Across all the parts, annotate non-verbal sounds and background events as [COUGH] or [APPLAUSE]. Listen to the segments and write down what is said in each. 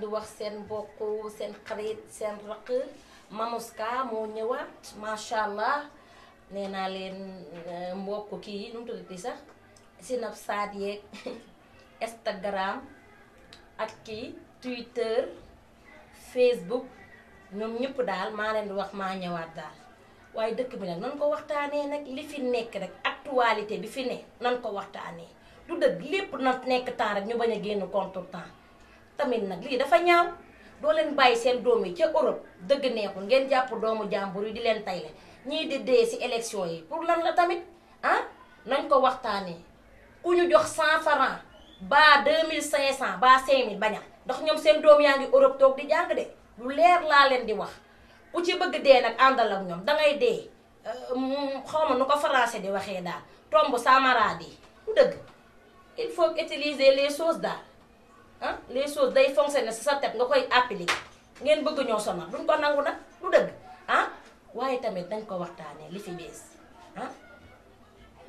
di wax seen mbokk seen xarit seen raq Mamouska moo ñëwaat macha allah nee naa leen euh, mbokk kii nu mu tuddati sax Snapchat yeeg [LAUGHS] Instagram ak kii Twitter Facebook ñoom ñëpp daal maa leen di wax maa ñëwaat daal waaye dëkk bi nag nan ko waxtaanee nag li fi nekk rek actualité bi fi ne nan ko waxtaanee du dëgg lépp na nekk temps rek ñu bañ a génn contre temps tamit nag lii dafa ñaaw doo leen bàyyi seen doom yi ca Europe dëgg neexul ngeen jàpp doomu jàmbur yi di leen tayle ñii di dee si élection yi pour lan la tamit ah nañ ko waxtaanee ku ñu jox cent franc ba deux mille cinq cent ba cinq mille baña ndax ñoom seen doom yaa ngi Europe toog di jàng de lu leer laa leen di wax ku ci bëgg dee nag àndal ak ñoom dangay dee euh, ma nu ko français di waxee daal tomb samaraadi lu dëgg il faut utiliser les choses daal ah les choses day fonctionner si sa tête nga koy appliquer ngeen bëgg ñoo sonal duñ ko nangu nag du dëgg ah waaye tamit dañ ko waxtaanee li fi bees ah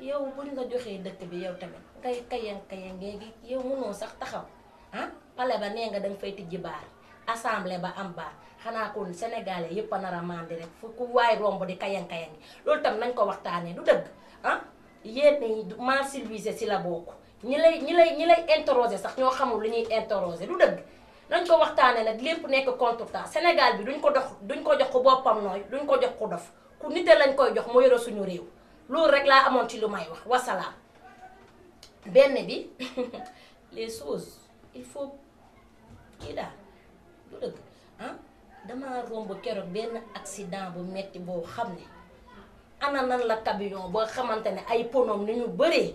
yow buñ la joxee dëkk bi yow tamit kay kayang kayang ngeegi yow mënoo sax taxaw ah pale ba nee nga danga fay tijji baar assemblée ba am baar xanaa kon sénégalais yëpp a nar a mandi rek fu ku waay romb di kayang kayang loolu tam nañ ko waxtaanee du dëgg ah yéen ñi mal civilisé si la bokk. ñi lay ñi lay ñi lay interroger sax ñoo xamul lu ñuy interroger lu dëgg nañ ko waxtaanee nag lépp nekk contre temps Sénégal bi duñ ko dox duñ ko jox ko boppam nooy duñ ko jox ko dof ku nite lañ koy jox moo yore suñu réew loolu rek laa amoon ci lu may wax wasalaam. benn bi [LAUGHS] les choses il faut kii daal du dëgg ah dama romb keroog benn accident bu metti boo xam ne ana nan la camion boo xamante ne ay ponoom ni ñu bëree.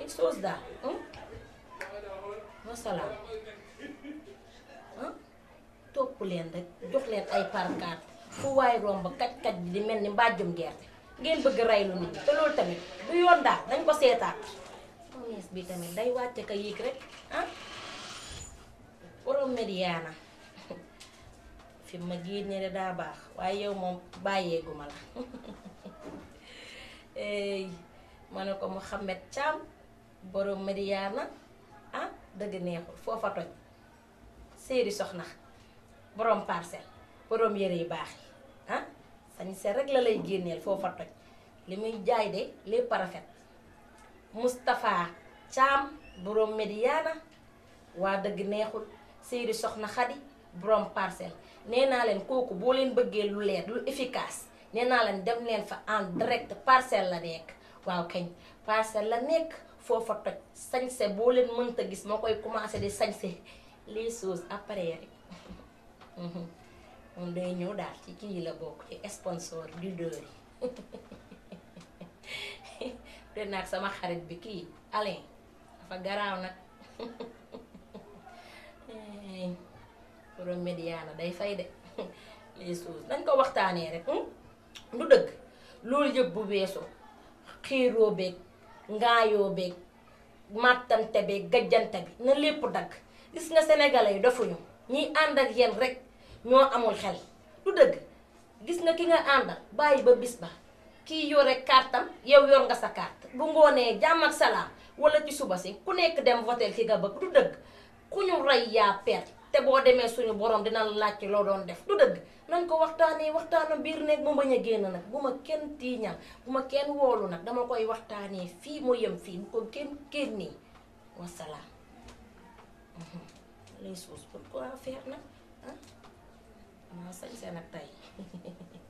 He shows that. Hmm? topp leen rek jox leen ay parkaat fu waay romb kaj kaj bi di mel ni mbàjjum gerte ngeen bëgg raylu nit te loolu tamit du yoon daal dañ ko seetaan ministre bi tamit day wàcce ka yéeg rek ah borom Médiana [LAUGHS] fi ma génne de daa baax waaye yow moom bàyyeeguma la [LAUGHS] ma ne ko Mouhamed Thiam borom média na ah dëgg neexul foofa toj séeri soxna borom parcelle borom yére yu baax yi ah sañ se rek la lay génneel foofa toj li muy jaay de lépp rafet Moustapha Thiam borom médiana waa dëgg neexul séeri soxna xadi borom parcelle nee naa leen kooku boo leen bëggee lu leer lu efficace nee naa leen dem leen fa en direct parcelle la nekk waaw kañ parcelle la nekk foofa toj sañse boo leen mënta gis moo koy commencé di sañse les choses après rek mhm. moom day ñëw daal ci kii la bokk ci sponsor du deur yi te [LAUGHS] nag sama xarit bi kii Alain dafa garaaw nag [LAUGHS] eh, borom day fay de [LAUGHS] les choses dañ ko waxtaanee rek hmm? du dëgg loolu yëpp bu weesoo xiiroo beeg ngaayoo beeg màttante beeg gajjante bi na lépp dagg gis nga sénégalais yi dofuñu ñi ànd ak yéen rek ñoo amul xel du dëgg gis nga ki nga àndal bàyyi ba bis ba kii yore kartam yow yor nga sa carte bu ngoonee jàmm ak salaam wala ci suba si ku nekk dem votel ki nga bëgg du dëgg ku ñu rey yaa perte te boo demee suñu borom dina la laaj ci loo doon def du dëgg nañ ko waxtaanee waxtaanu biir néeg mu bañ a génn nag bu ma kenn tiiñal bu ma kenn woolu nag dama koy waxtaanee fii mu yem fii mu ko kenn génnee wasalaam mhm. les choses pourquoi faire nag ah maa sañ seen ak tey [LAUGHS]